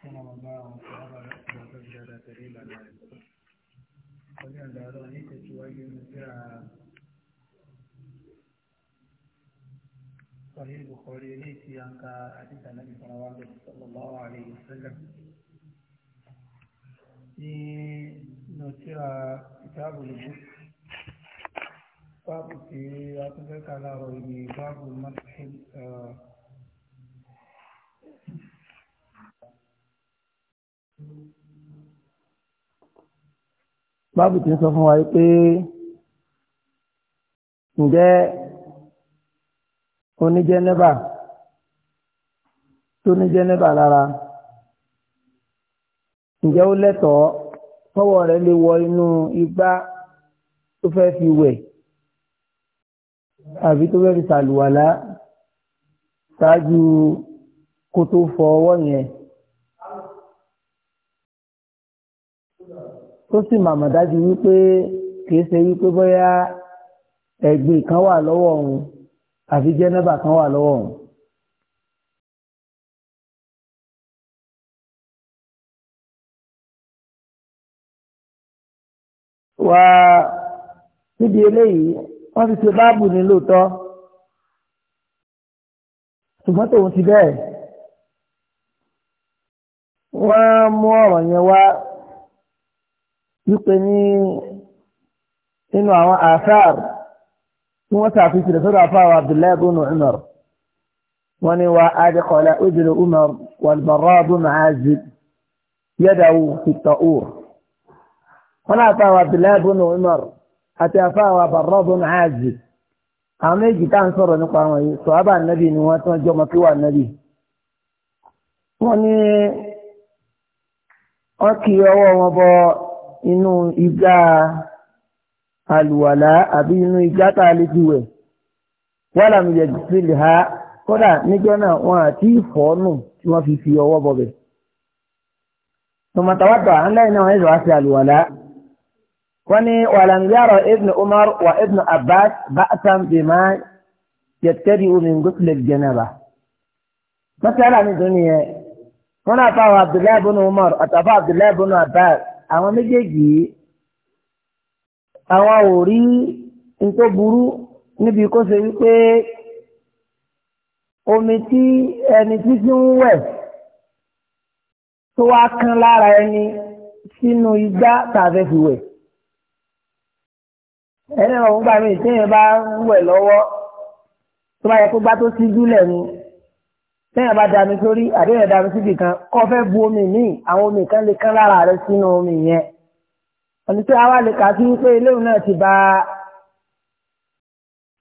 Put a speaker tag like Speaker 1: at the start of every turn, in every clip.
Speaker 1: صلى الله وسلم وسجد كريما wajen da ran ita ce wajen jira sahih bukhari ne ce an ka hadisa na bisarawa da sallallahu alaihi wasallam ni no tira kitabu lubu báàbù tí ń sọ fún wa pé ǹjẹ́ oníjẹ́nẹ́bà tó níjẹ́nẹ́bà lára ǹjẹ́ ó lẹ́tọ̀ọ́ tọ́wọ́ rẹ̀ lè wọ inú igbá tó fẹ́ fi wẹ̀ àbí tó fẹ́ fi sàlùwàlá ṣáájú kó tó fọ ọwọ́ yẹn. tó sì màmá dájú wípé kìí ṣe wípé bóyá ẹ̀gbìn kan wà lọ́wọ́ òun àfi jẹ́nẹ́bà kan wà lọ́wọ́ òun. wá níbi eléyìí wọ́n ti ṣe báàbù ní lóòótọ́ ṣùgbọ́n tòun ti bẹ́ẹ̀ wọ́n mú ọ̀rọ̀ yẹn wá wípé ní inú àwọn àṣàr tí wọ́n sàfihàn rẹ̀ sọ́dọ̀ àfáwà Abdullahi bin Umar wọ́n ní wa adìkọ̀lá ojúlé Umar wàlbàrọ̀ bin Azib yẹ́dàwó fìtọ̀ òr wọ́n ní àfáwà Abdullahi bin Umar àti àfáwà Barra bin Azib àwọn méjì tá ń sọ̀rọ̀ nípa àwọn yìí sọ̀hábà nàbì ni wọ́n tán jọmọ kí wà nàbì. wọ́n ní wọ́n kì í ọwọ́ wọn bọ́ inú igbá àlùwàlá àbí inú igbá tá a lè fi wẹ̀ wàhálà mi yẹ sílẹ̀ ha kódà níjọ́ náà wọn àti ìfọ́nù tí wọ́n fi fi ọwọ́ bọ̀ bẹ̀. tòmọ̀tàwátà ńlẹ́yìn náà wọ́n ẹ̀sọ̀ wá sí àlùwàlá wọ́n ní wàlàm yàrá ibn umar wa ibn abbas ba'san bima yẹtẹ́rì omi gúúsùlẹ̀ jẹ́nàbà. mọ́sálà mi dùn nìyẹn wọ́n náà fáwọn abdullahi bin umar àtàfà abdullahi bin abbas àwọn méjèèjì yìí àwọn ò rí n tó burú níbi kó ṣe wípé omi tí ẹni tí fi ń wẹ̀ tó wá kán lára ẹni sínú igbá tàbí fi wẹ̀ ẹni ọ̀hún gbà mí bá ń wẹ̀ lọ́wọ́ tó bá yẹ kó gbá tó síjú lẹ̀ ni tẹ́yà bá dami sórí àdéhùn dami síbi kan kọ́ fẹ́ bu omi míì àwọn omi kan lè kán lára rẹ sínú omi yẹn ọ̀nà tí àwa lè kà sí pé eléyìí náà ti ba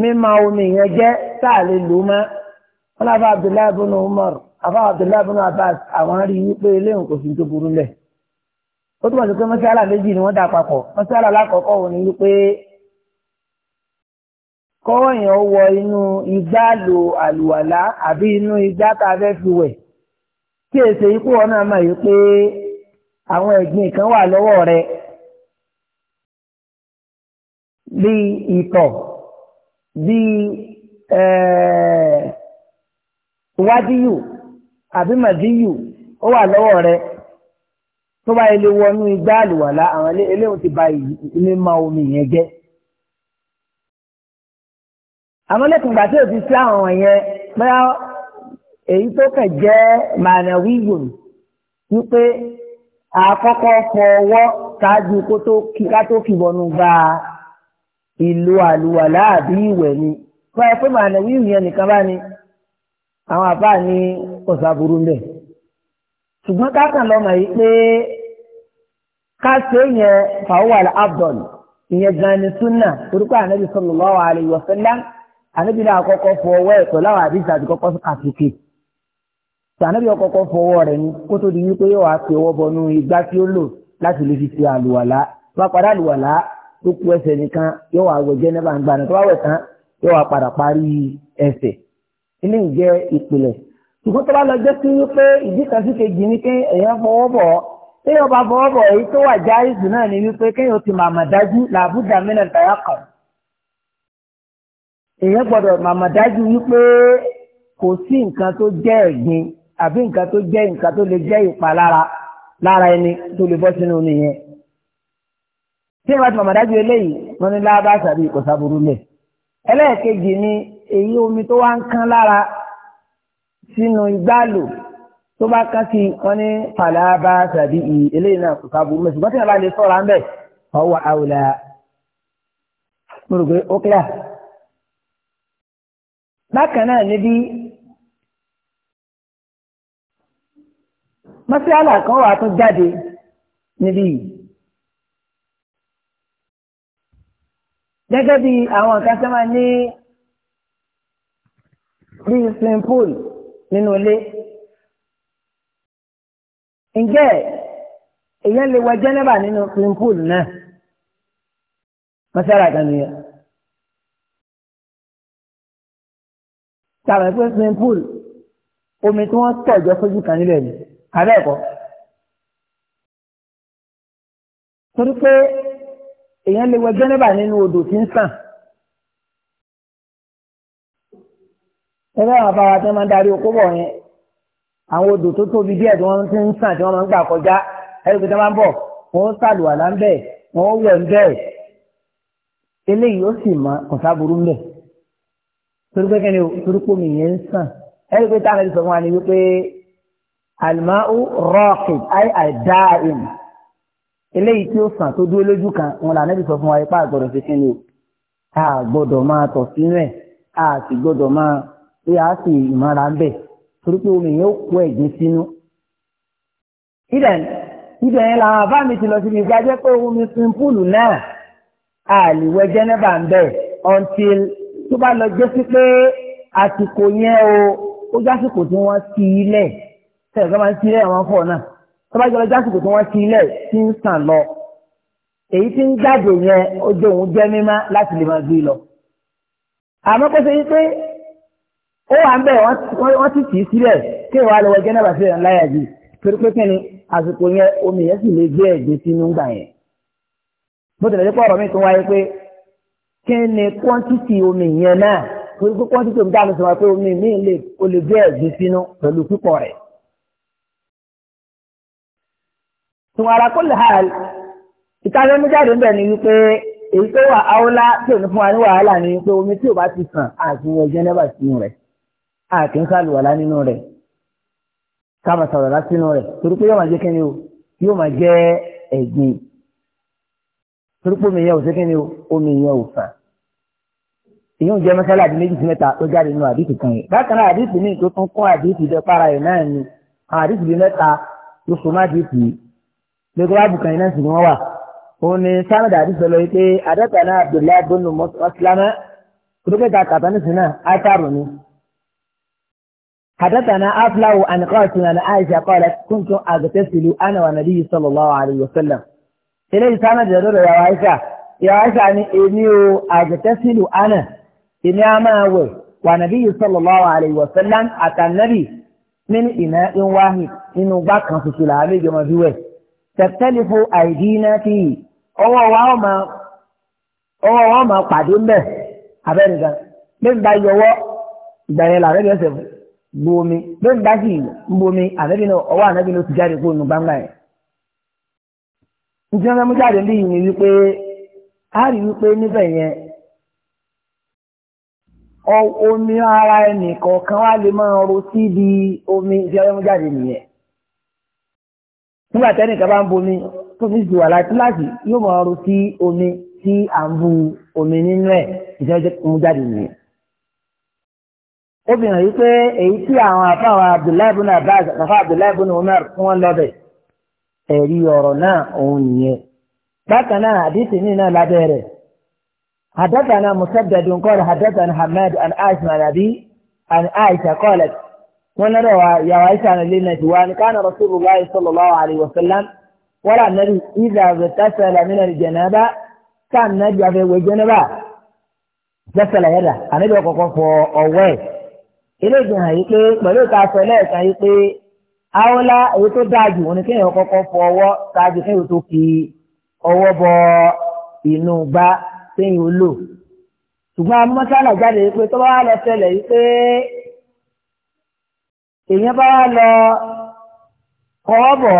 Speaker 1: mímọ omi yẹn jẹ́ tá a lè lò mọ́ wọn láfa Abdullahi bin Umar afa Abdullahi bin Abbas àwọn rí i pé eléyìí kò sí tó burú lẹ̀ ó túmọ̀ sí pé mọ́sálà méjì ni wọ́n dà papọ̀ mọ́sálà lákọ̀ọ́kọ́ wọ́n ní wípé kọ́ọ̀yàn wọ inú igbá lo àlùwàlá àbí inú igbá tá a fẹ́ fi wẹ̀ kí èsè ikú ọ̀nà máa yí pé àwọn ẹ̀gbin kan wà lọ́wọ́ rẹ bíi ìtọ̀ bíi wádìyù àbí màdìyù ó wà lọ́wọ́ rẹ tó bá ilé wọnú igbá àlùwàlá àwọn eléyìí ti ba ilé máa omi yẹn jẹ́ àmọ́ lẹ́kùn gbà tí òfin sí àwọn yẹn bóyá èyí tó kàn jẹ́ mànàwíyùn wípé àkọ́kọ́ fọwọ́ ṣáájú kó tó kí ká tó fi bọnu gba ìlú àlùwà láàbí ìwẹ̀ ni fún ẹ pé mànàwíyùn yẹn nìkan bá ní àwọn àbá ní ọ̀sàbùrú ń bẹ̀ ṣùgbọ́n kákan lọ́mọ yìí pé ká ṣe yẹn fàwọ́ wà ìyẹn gan ni súnà orúkọ ànábì sallallahu alaihi wasallam ànábì náà kọ́kọ́ fọ ọwọ́ ẹ̀ pẹ̀lú àwọn àdìsí àti kọ́kọ́ àtúkè tí ànábì ọkọ̀kọ́ fọ ọwọ́ rẹ̀ ni kó tó di wípé yóò wá fi ọwọ́ bọnú igbá tí ó lò láti lè fi ṣe àlùwàlá tó bá padà àlùwàlá tó kù ẹsẹ̀ nìkan yóò wá wẹ̀ jẹ́nẹ́bà ń gbaná tó bá wẹ̀ tán yóò wá padà parí ẹsẹ̀ ilé ìjẹ́ ìpìlẹ̀ ṣùgbọ́n tó bá lọ jẹ́ sí wípé ìdí kan sí kejì ni pé èèyàn fọwọ́ bọ̀ ọ́ téèyàn bá fọwọ́ bọ̀ èyí tó wà jáìsì náà ni wípé kéèyàn ti màmá dájú làbújá mìíràn tàyà kan èèyàn gbọ́dọ̀ màmá dájú wípé kò sí nǹkan tó jẹ́ ẹ̀gbin àbí nǹkan tó jẹ́ nǹkan tó lè jẹ́ ìpalára lára ẹni tó lè bọ́ sínú nìyẹn. tí ìwà tí màmá dájú eléyìí wọn ní lábá sàbí kò sábúrú lẹ̀. ẹlẹ́ẹ̀kejì ni èyí omi tó wá ń kán lára sínú igbáàlò tó bá kán sí wọn ní fàlábá sàbí yìí eléyìí náà kò sábúrú lẹ̀ ṣùgbọ́n tí wọn bá lè sọ̀rọ̀ à ń bẹ̀ ọwọ́ àwòlà. mo rò ó kíláà bákan náà níbi mọ́síálà kan wà tó jáde níbí yìí. gẹ́gẹ́ bí àwọn nǹkan tó máa ní bíi swimming pool nínú ilé. ǹjẹ́ èèyàn lè wọ jẹ́nẹ́bà nínú swimming náà mọ́síálà kan nìyẹn. tàbí pé swimming pool omi tí wọ́n tọ̀jọ́ fojú kan nílẹ̀ ni abẹ́ ẹ̀kọ́. torí pé èèyàn lè wẹ gẹ́nẹ́bà nínú odò tí ń sàn. ẹgbẹ́ àwọn afárá tí wọ́n máa ń darí okó bọ̀ yẹn àwọn odò tó tóbi díẹ̀ tí wọ́n ti ń sàn tí wọ́n máa ń gbà kọjá ẹ̀rọ tí wọ́n máa ń bọ̀ wọ́n sàlùwàlá ń wọ́n wẹ̀ ń bẹ̀ eléyìí ó sì máa kọ̀sáburú ń bẹ̀ torí pé kẹ́ni torí pé omi yẹn ń sàn ẹ̀rí pé táwọn ẹ̀rí sọ fún wa ni wípé alimau rọ́ọ̀kì ayé àdáìm eléyìí tí ó sàn tó dúró lójú kan wọn là nẹ́bí sọ fún wa ipá àgbọ̀dọ̀ ṣe kẹ́ni o a gbọ́dọ̀ máa tọ̀ sínú ẹ̀ a sì gbọ́dọ̀ máa pé a sì ìmọ̀ra ń bẹ̀ torí pé omi yẹn ó kó ẹ̀gbin sínú. ibẹ̀ ibẹ̀ yẹn làwọn àbá mi ti lọ síbi ìgbà jẹ́ pé omi sinpúùlù náà a lè wẹ jẹ́nẹ́bà ń until tó bá lọ jẹ́ sí pé àsìkò yẹn o ó jásìkò tí wọ́n ti ilẹ̀ tẹ̀lé tó máa ń ti ilẹ̀ àwọn fọ̀ náà tó bá jọlọ jásìkò tí wọ́n ti ilẹ̀ ti ń sàn lọ èyí tí ń jáde yẹn ó jẹ́ òun jẹ́ mímá láti lè máa gbé lọ. àmọ́ kó ṣe pé ó wà ń bẹ̀ wọ́n ti tì í sílẹ̀ kí ìwà lọ́wọ́ jẹ́ náà bá sílẹ̀ láyà yìí torí pé kí ni àsìkò yẹn omi yẹn sì lè gbé ẹ̀gbẹ́ sínú gbà yẹn. bó tilẹ̀ dé pọ̀ ọ̀rọ̀ mi tó wáyé pé kí ni omi yẹn náà torí pé quantity omi dáa ló sọ wá pé omi mi lè o lè bẹ́ẹ̀ gbé sínú pẹ̀lú pípọ̀ rẹ̀. tùwàrà kò lè hàl ìtàgé mi jáde níbẹ̀ ni wípé èyí tó wà áwòlá tí ò fún wa ní wàhálà ni wípé omi tí ò bá ti sàn àti ìwọ̀n jẹ́nẹ́bà sínú rẹ̀ àti ń sàlùwàlá nínú rẹ̀ ká máa sàlùwàlá sínú rẹ̀ torí pé yóò máa jẹ́ kẹ́ni o yóò máa jẹ́ ẹ̀gbin torípò omi yẹn ò sẹ́kẹ́ ni omi yẹn ò fà ìyẹn jẹ́ mẹ́sálà àti méjì sí mẹ́ta tó jáde nínú àdìsí kan yìí bákan náà àdìsí ní tó tún kún àdìsí jẹ para ẹ̀ náà ni àwọn àdìsí bíi mẹ́ta ló so má àdìsí yìí lóko wá yìí náà sì ni wọ́n wà òun ni sanad àdìsí lọ pé àdàtà náà abdullahi bonu mọ́sílámẹ́ kúrókèta kàtà náà átàrò ni. حدثنا أفلو عن قاسم عن عائشة قالت كنت أغتسل أنا والنبي صلى الله عليه وسلم eléyìí sáná dẹ̀ lọ́dọ̀ yàrá àìsà yàrá àìsà ni èmi o àgẹ̀tẹ́sílù àná èmi á máa wẹ̀ wà nàbí yìí sallallahu alaihi wa sallam àtànàbì nínú ìná ìwáhì nínú gbá kan ṣoṣo làá méjì ọmọ fi wẹ̀ fún àìdí náà fi ọwọ́ wa ọmọ wa ọmọ pàdé ń bá bu omi bá sì bu omi náà náà ǹjẹ́ wọ́n mú jáde ní ìyìn wípé a rí wípé níbẹ̀ yẹn omi ara ẹnì kọ̀ọ̀kan wá lè máa ro sí ibi omi tí wọ́n mú jáde nìyẹn nígbà tẹ́nì kan bá ń bomi tó fi jù wà láti láti yóò máa ro sí omi tí à ń bu omi nínú ẹ̀ ìjọba mú jáde nìyẹn ó fi pé èyí tí àwọn àfáwọn Abdullahi bin Abdullahi bin Umar tí wọ́n lọ bẹ̀ ẹ̀rí ọ̀rọ̀ náà òun nìyẹn bákan náà àdìsí ní náà lábẹ́ rẹ̀ حدثنا مسدد قال حدثنا حماد عن عائشة عن أبي عن عائشة قالت وانا روى يا عائشة عن الليل كان رسول الله صلى الله عليه وسلم ولا النبي إذا اغتسل من الجنابة كان نجي في الجنابة غسل يده النبي وقف أوه إليه جنها يقول بلوك عسلات يقول àwòlá èyí tó dáa jù wọn ni kéèyàn kọ́kọ́ fọ ọwọ́ ṣáájú kéèyàn tó fi ọwọ́ bọ inú gbá téèyàn ó lò ṣùgbọ́n amọ́sálà jáde pé tó bá wà lọ ṣẹlẹ̀ yìí pé èèyàn bá wà lọ kọ́ ọ bọ̀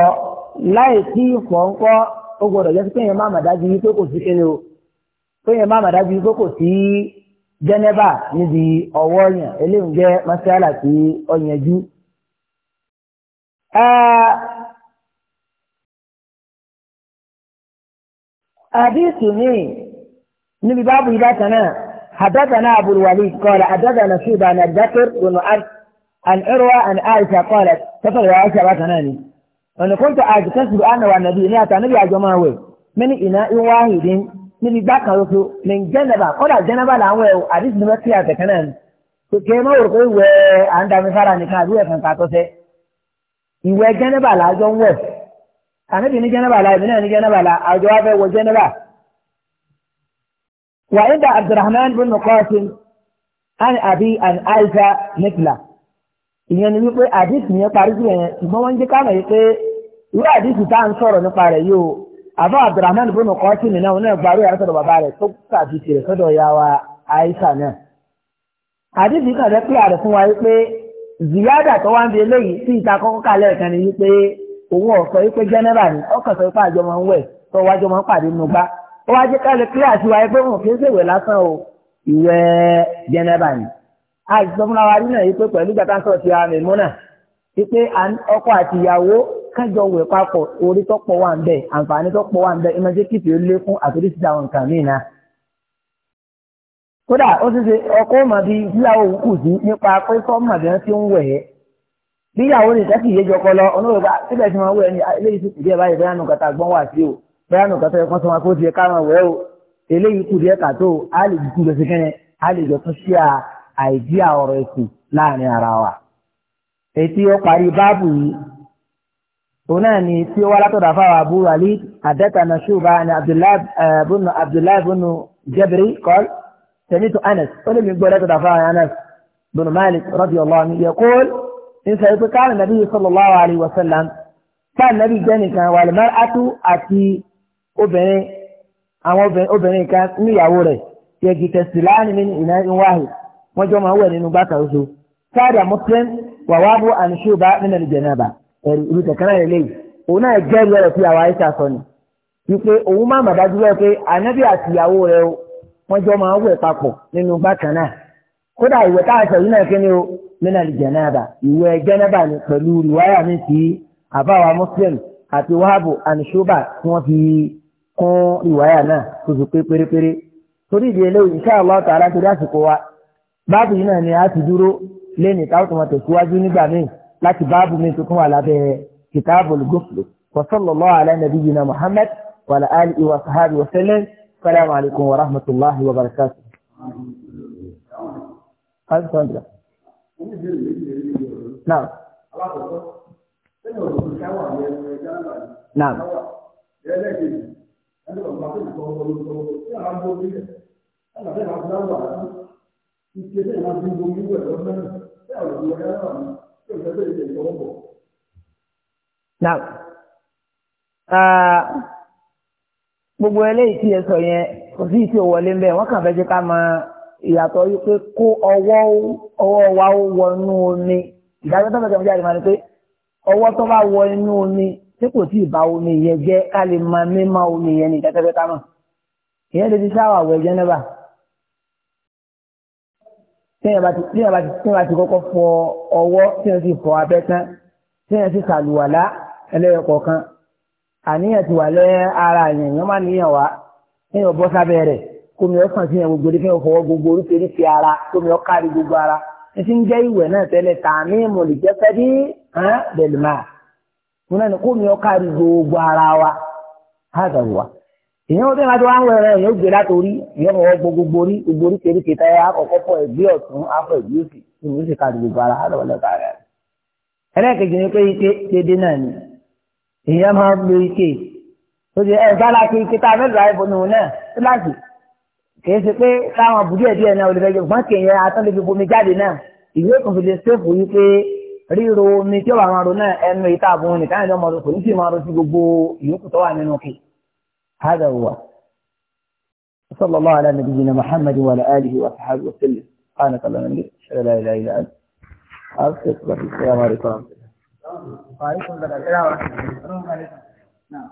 Speaker 1: láì tí ìfọ̀ǹkọ́ ó gbọ́dọ̀ jẹ́ pé èèyàn má mà dájú yìí pé kò sí kéré o pé èèyàn má dájú yìí pé kò sí jẹ́nẹ́bà níbi ọwọ́ yẹn eléyìí jẹ́ mọ́sálà tí ó حديث مين نبي باب إذا حدثنا أبو الوليد قال حدثنا شيبة عن الذكر بن عن عروة عن عائشة قالت تفضل يا عائشة باتناني أنا كنت أكتسب أنا والنبي نيات النبي يا جماعة من إناء واحد نبي باكا يوتو من جنبا قال جنبا لا هو حديث نبي فيها تكنان كما ورقوا عند مفارا نكاد ويفن كاتوسي ìwẹ̀ jẹ́nẹ́bà lájọ ń wẹ̀ àníbi ní jẹ́nẹ́bà la ìbí náà ní jẹ́nẹ́bà la àjọ wa fẹ́ wọ jẹ́nẹ́bà. wà ìdá abdulrahman bin muqasim an abi an aisha nikla ìyẹn ni wípé àdìsí yẹn parí sí yẹn ṣùgbọ́n wọ́n ń jẹ́ káàmọ̀ yìí pé irú àdìsí tá à ń sọ̀rọ̀ nípa rẹ̀ yìí o àbá abdulrahman bin muqasim náà wọn náà gbarú yàrá sọ̀rọ̀ bàbá rẹ̀ tó sàdìsí rẹ̀ sọ́dọ̀ yà wa aisha náà àdìsí kan ziyada tó wá ń bi eléyìí tí ìta kọ́kọ́ kalẹ̀ kan ni wípé òun ọ̀sọ́ wípé jẹ́nẹ́rà ni ọkàn sọ wípé àjọmọ̀ ń wẹ̀ tó wá jọmọ̀ ń pàdé nínú gbá ó wá jẹ́ kálẹ̀ kílẹ̀ àti wáyé pé òun kìí ṣèwé lásán o ìwẹ̀ jẹ́nẹ́rà ni. àìsàn fúnra wa nínú yìí pé pẹ̀lú gbàtà sọ̀rọ̀ ti àmì múnà wípé ọkọ àti ìyàwó kájọ wẹ̀ papọ̀ orí tọ́pọ̀ wà ń bẹ̀ àǹfààní tọ́pọ̀ wà ń bẹ̀ kódà ó ti ṣe ọkọ ọmọ bíi ìyàwó òun kù sí nípa pé sọ́mọ̀ bí wọ́n ti ń wẹ̀ ẹ́ bí ìyàwó rẹ̀ tẹ́kì yé jọkọ lọ onírògbà síbẹ̀ tí wọ́n wẹ̀ ni ah, eléyìí sì kù díẹ̀ báyìí bẹ́ẹ̀ nù kàtà gbọ́n wà sí o bẹ́ẹ̀ nù kàtà ẹ̀kọ́ sọmọ kó ti ká máa wẹ̀ o eléyìí kù díẹ̀ kàtó a lè jù kúndọ̀ sí kẹ́nẹ́ a lè jọ tún ṣíà àìdíà ọ̀rọ̀ ẹ̀sìn láàrin ara wa. ètí ó parí báàbù yìí òun náà ni tí ó wá látọ̀dọ̀ àfáwà Abu Walid àdẹ́ta nàṣùbà ni Abdullahi bin Jabri kọ́lù سمعت أنس ولم يقول هذا دفاع أنس بن مالك رضي الله عنه يقول إن كان النبي صلى الله عليه وسلم كان النبي جاني كان والمرأة أتي أبني أو أبني كان مياوري يجي تسلان من إناء واحد وجمع هو لنبات عزو كان مسلم ووابو أن شوبا من الجنابة ìlú kan náà lélẹ́yìí òun náà jẹ́rìí ọ̀rọ̀ tí àwa ẹ̀ṣà sọ ni wípé òun má wọ́n jọ máa wẹ̀ papọ̀ nínú bákan náà kódà ìwẹ̀ tá a sọ yìí náà kíni o minal janaba ìwẹ̀ janaba ni pẹ̀lú riwaya mi ti àbáwa muslim àti wahabu anishoba tí wọ́n fi kún riwaya náà tó fi pé pérépéré torí ìdí eléyìí insha Allah ta'ala torí àsìkò wa báàbù yìí náà ni a ti dúró lẹ́ni táwọn tó máa nígbà míì láti báàbù mi tuntun wà lábẹ́ kitabul ghusl wa sallallahu ala nabiyyina Muhammad wa ala alihi wa sahbihi wa sallam. السلام عليكم ورحمة الله وبركاته هذا سؤال نعم نعم نعم آه gbogbo eléyìí tí ẹ sọ yẹn kò sí ìtì òwọlé ń bẹ wọn kàn fẹ́ jẹ́ ká mọ ìyàtọ̀ yìí pé kó ọwọ́ ọwọ́ wa ó wọnú omi ìdájọ́ tó fẹ́ẹ́ jáde máa ní pé ọwọ́ tó bá wọ inú omi tí kò tí ì bá omi yẹn jẹ́ ká lè mọ mímọ́ omi yẹn ní ìdájọ́ ká mọ̀ ìyẹn lè fi sáwà wẹ̀ jẹ́ náà bà tíyẹn bá ti kọ́kọ́ fọ ọwọ́ tíyẹn sì fọ abẹ́ tán tíyẹn sì sàlùwàlá ẹlẹ́yọ̀ kọ̀ọ̀kan àníyàn ti wà lẹ́ ara yẹn yẹn máa níyàn wá kéèyàn bọ́ sábẹ́ rẹ̀ kómi ọkàn sí yẹn gbogbo ní kéèyàn gbogbo oríṣiríṣi ara kómi ọkàrí gbogbo ara ń jẹ́ ìwẹ̀ náà tẹ́lẹ̀ tààmì ìmọ̀lì jẹ́ bí bẹ̀lì máa mo náà ní kómi gbogbo ara wa wa wá ń ó gbé látòrí gbogbo orí gbogbo oríṣiríṣi afọ ẹ̀gbẹ́ òsì ìmúṣe ike èèyàn máa ń lo ike ó ti ẹ̀ sáláàkì ike tá a fẹ́ lọ́ọ́ ìbọn òun náà síláàsì kì í ṣe pé káwọn àbújá ẹ̀dí ẹ̀ náà olùfẹ́ jẹ fún kéèyàn atán lè fi bomi jáde náà ìwé kan fi lè ṣèfù yí pé ríro omi tí ó wà máa ro náà ẹnu ìta àbùn nìkan ìjọ máa kò ní sì máa ro sí gbogbo ìyókù tó wà nínú kì hádà الله على نبينا محمد وعلى Wa alaikum salam. Assalamu alaikum.